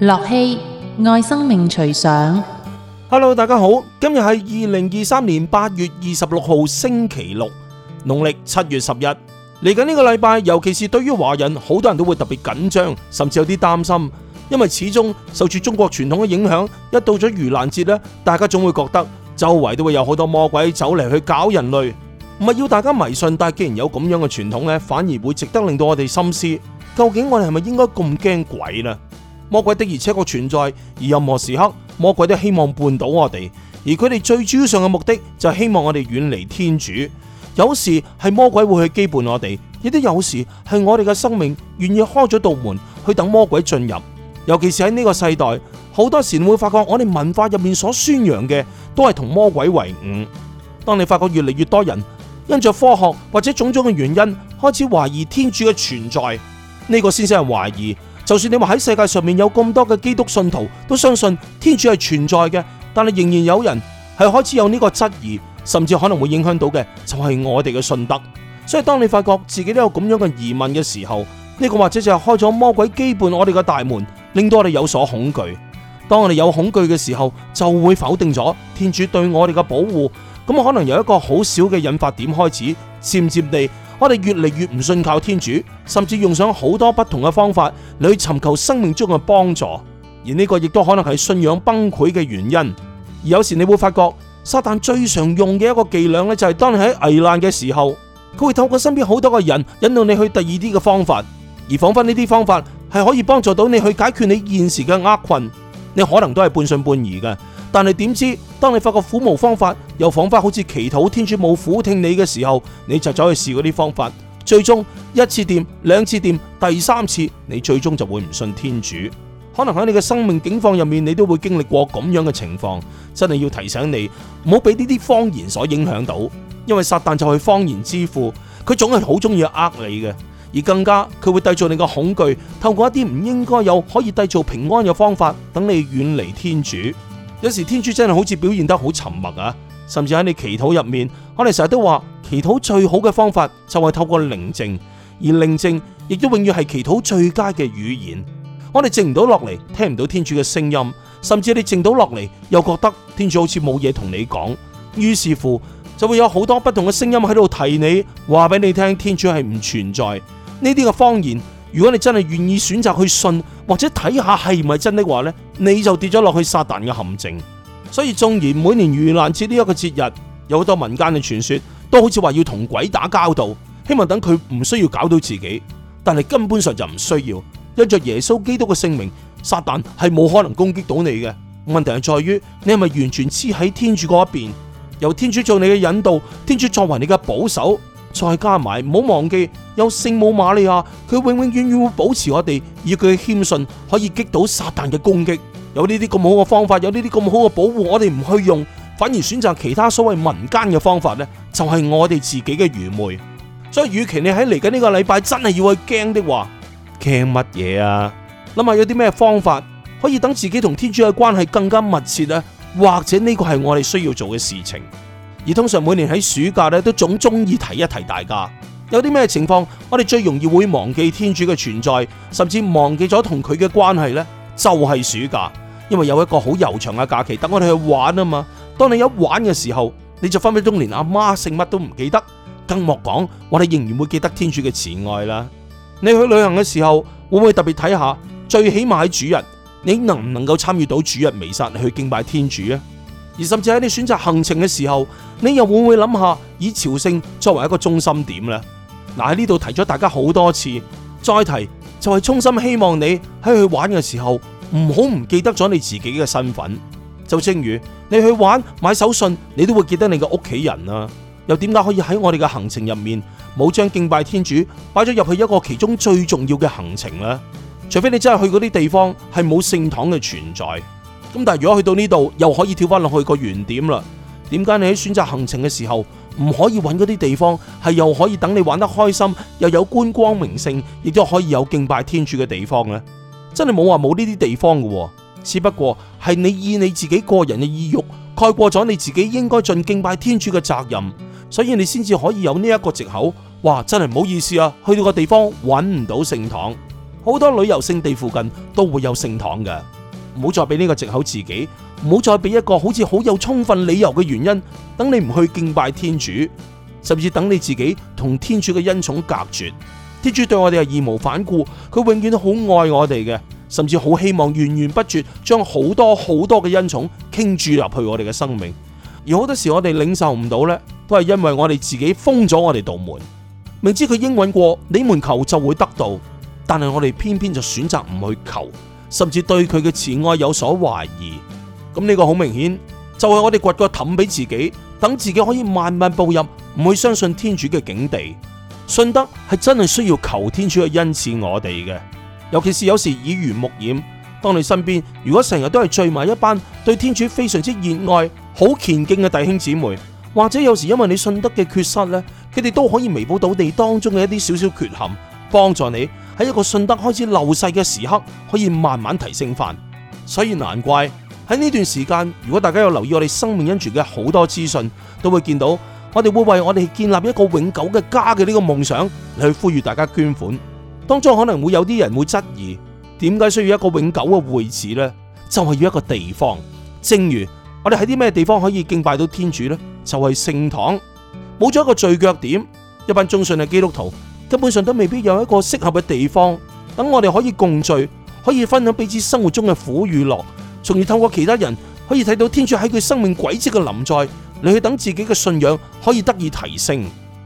駱曦愛生命隨想，Hello，大家好，今日係二零二三年八月二十六號星期六，農曆七月十一。嚟緊呢個禮拜，尤其是對於華人，好多人都會特別緊張，甚至有啲擔心，因為始終受住中國傳統嘅影響，一到咗盂蘭節呢，大家總會覺得周圍都會有好多魔鬼走嚟去搞人類。唔係要大家迷信，但係既然有咁樣嘅傳統呢，反而會值得令到我哋深思，究竟我哋係咪應該咁驚鬼呢？魔鬼的，而且確存在，而任何時刻，魔鬼都希望絆倒我哋，而佢哋最主要上嘅目的就係希望我哋遠離天主。有時係魔鬼會去羈絆我哋，亦都有時係我哋嘅生命願意開咗道門去等魔鬼進入。尤其是喺呢個世代，好多時會發覺我哋文化入面所宣揚嘅都係同魔鬼為伍。當你發覺越嚟越多人因着科學或者種種嘅原因開始懷疑天主嘅存在，呢、這個先至係懷疑。就算你話喺世界上面有咁多嘅基督信徒都相信天主係存在嘅，但係仍然有人係開始有呢個質疑，甚至可能會影響到嘅就係我哋嘅信德。所以當你發覺自己都有咁樣嘅疑問嘅時候，呢個或者就係開咗魔鬼基本我哋嘅大門，令到我哋有所恐懼。當我哋有恐懼嘅時候，就會否定咗天主對我哋嘅保護。咁可能由一個好小嘅引發點開始，漸漸地。我哋越嚟越唔信靠天主，甚至用上好多不同嘅方法嚟去尋求生命中嘅幫助，而呢個亦都可能係信仰崩潰嘅原因。而有時你會發覺，撒旦最常用嘅一個伎倆呢，就係當你喺危難嘅時候，佢會透過身邊好多嘅人，引導你去第二啲嘅方法，而仿佛呢啲方法係可以幫助到你去解決你現時嘅厄困，你可能都係半信半疑嘅。但係點知，當你發覺苦無方法，又仿佛好似祈禱天主冇苦聽你嘅時候，你就走去試嗰啲方法，最終一次掂、兩次掂、第三次，你最終就會唔信天主。可能喺你嘅生命境況入面，你都會經歷過咁樣嘅情況。真係要提醒你，唔好俾呢啲謊言，所影響到，因為撒旦就係謊言之父，佢總係好中意呃你嘅，而更加佢會製造你個恐懼，透過一啲唔應該有可以製造平安嘅方法，等你遠離天主。有時天主真係好似表現得好沉默啊，甚至喺你祈禱入面，我哋成日都話祈禱最好嘅方法就係透過寧靜，而寧靜亦都永遠係祈禱最佳嘅語言。我哋靜唔到落嚟，聽唔到天主嘅聲音，甚至你靜到落嚟又覺得天主好似冇嘢同你講，於是乎就會有好多不同嘅聲音喺度提你，話俾你聽天主係唔存在呢啲嘅謊言。如果你真係願意選擇去信或者睇下係唔係真的，的話呢，你就跌咗落去撒旦嘅陷阱。所以縱然每年盂蘭節，呢一個節日，有好多民間嘅傳說，都好似話要同鬼打交道，希望等佢唔需要搞到自己，但係根本上就唔需要。因着耶穌基督嘅聖名，撒旦係冇可能攻擊到你嘅。問題係在於你係咪完全黐喺天主嗰一邊，由天主做你嘅引導，天主作為你嘅保守。再加埋，唔好忘記有聖母瑪利亞，佢永永遠遠會保持我哋，以佢嘅謙遜可以擊倒撒旦嘅攻擊。有呢啲咁好嘅方法，有呢啲咁好嘅保護，我哋唔去用，反而選擇其他所謂民間嘅方法呢，就係我哋自己嘅愚昧。所以，與其你喺嚟緊呢個禮拜真係要去驚的話，驚乜嘢啊？諗下有啲咩方法可以等自己同天主嘅關係更加密切咧，或者呢個係我哋需要做嘅事情。而通常每年喺暑假咧，都總中意提一提大家有啲咩情況，我哋最容易會忘記天主嘅存在，甚至忘記咗同佢嘅關係呢？就係、是、暑假，因為有一個好悠長嘅假期，等我哋去玩啊嘛。當你一玩嘅時候，你就分分鐘連阿媽，媽姓乜都唔記得，更莫講我哋仍然會記得天主嘅慈愛啦。你去旅行嘅時候，會唔會特別睇下最起碼喺主日，你能唔能夠參與到主日彌撒嚟去敬拜天主啊？而甚至喺你選擇行程嘅時候，你又會唔會諗下以朝聖作為一個中心點呢？嗱，喺呢度提咗大家好多次，再提就係衷心希望你喺去玩嘅時候，唔好唔記得咗你自己嘅身份。就正如你去玩買手信，你都會記得你嘅屋企人啊？又點解可以喺我哋嘅行程入面冇將敬拜天主擺咗入去一個其中最重要嘅行程呢？除非你真係去嗰啲地方係冇聖堂嘅存在。咁但係如果去到呢度又可以跳翻落去個原點啦？點解你喺選擇行程嘅時候唔可以揾嗰啲地方係又可以等你玩得開心，又有觀光名勝，亦都可以有敬拜天主嘅地方呢？真係冇話冇呢啲地方嘅，只不過係你以你自己個人嘅意慾蓋過咗你自己應該盡敬拜天主嘅責任，所以你先至可以有呢一個借口。哇！真係唔好意思啊，去到個地方揾唔到聖堂，好多旅遊聖地附近都會有聖堂嘅。唔好再俾呢個借口自己，唔好再俾一個好似好有充分理由嘅原因，等你唔去敬拜天主，甚至等你自己同天主嘅恩寵隔絕。天主對我哋係義無反顧，佢永遠都好愛我哋嘅，甚至好希望源源不絕將好多好多嘅恩寵傾注入去我哋嘅生命。而好多時我哋領受唔到呢，都係因為我哋自己封咗我哋道門，明知佢應允過你們求就會得到，但係我哋偏偏就選擇唔去求。甚至對佢嘅慈愛有所懷疑，咁、這、呢個好明顯就係、是、我哋掘個氹俾自己，等自己可以慢慢步入，唔會相信天主嘅境地。信德係真係需要求天主去恩賜我哋嘅，尤其是有時耳濡目染。當你身邊如果成日都係聚埋一班對天主非常之熱愛、好虔敬嘅弟兄姊妹，或者有時因為你信德嘅缺失呢，佢哋都可以彌補到你當中嘅一啲少少缺陷。幫助你喺一個信德開始流逝嘅時刻，可以慢慢提升翻。所以難怪喺呢段時間，如果大家有留意我哋生命恩泉嘅好多資訊，都會見到我哋會為我哋建立一個永久嘅家嘅呢個夢想，嚟去呼籲大家捐款。當中可能會有啲人會質疑，點解需要一個永久嘅會址呢？就係、是、要一個地方。正如我哋喺啲咩地方可以敬拜到天主呢？就係、是、聖堂。冇咗一個聚腳點，一班忠信嘅基督徒。根本上都未必有一個適合嘅地方，等我哋可以共聚，可以分享彼此生活中嘅苦與樂，從而透過其他人可以睇到天主喺佢生命軌跡嘅臨在，你去等自己嘅信仰可以得以提升。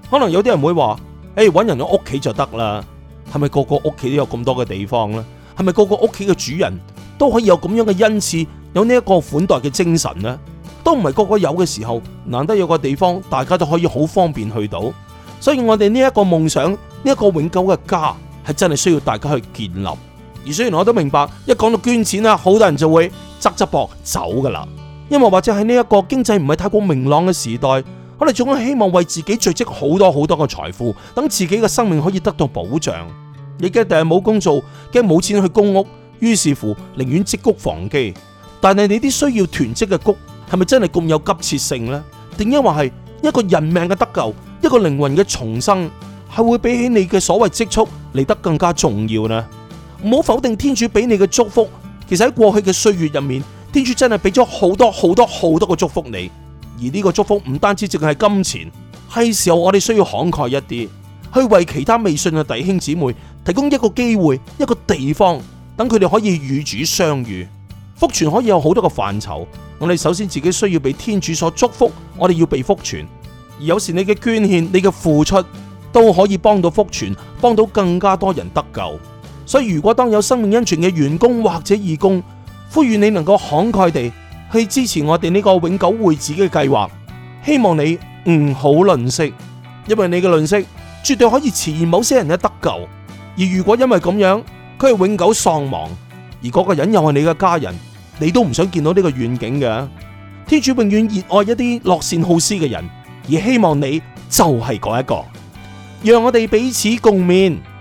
可能有啲人會話，誒、欸，搵人個屋企就得啦，係咪？個個屋企都有咁多嘅地方咧？係咪？個個屋企嘅主人都可以有咁樣嘅恩賜，有呢一個款待嘅精神咧？都唔係個個有嘅時候，難得有個地方大家都可以好方便去到，所以我哋呢一個夢想。呢一個永久嘅家係真係需要大家去建立，而雖然我都明白，一講到捐錢呀，好多人就會側側膊走噶啦。因為或者喺呢一個經濟唔係太過明朗嘅時代，我哋仲係希望為自己聚積好多好多嘅財富，等自己嘅生命可以得到保障。你驚第日係冇工做，驚冇錢去供屋，於是乎寧願積穀防饑。但係你啲需要囤積嘅穀係咪真係咁有急切性呢？定抑或係一個人命嘅得救，一個靈魂嘅重生？係會比起你嘅所謂積蓄嚟得更加重要呢？唔好否定天主俾你嘅祝福。其實喺過去嘅歲月入面，天主真係俾咗好多好多好多嘅祝福你。而呢個祝福唔單止淨係金錢，係時候我哋需要慷慨一啲，去為其他未信嘅弟兄姊妹提供一個機會、一個地方，等佢哋可以與主相遇。福傳可以有好多個範疇。我哋首先自己需要被天主所祝福，我哋要被福傳。而有時你嘅捐獻、你嘅付出。都可以幫到福傳，幫到更加多人得救。所以如果當有生命恩泉嘅員工或者義工呼籲你，能夠慷慨地去支持我哋呢個永久會址嘅計劃，希望你唔好吝嗇，因為你嘅吝嗇絕對可以遲延某些人嘅得救。而如果因為咁樣佢係永久喪亡，而嗰個人又係你嘅家人，你都唔想見到呢個願景嘅。天主永遠熱愛一啲樂善好施嘅人，而希望你就係嗰一個。讓我哋彼此共勉。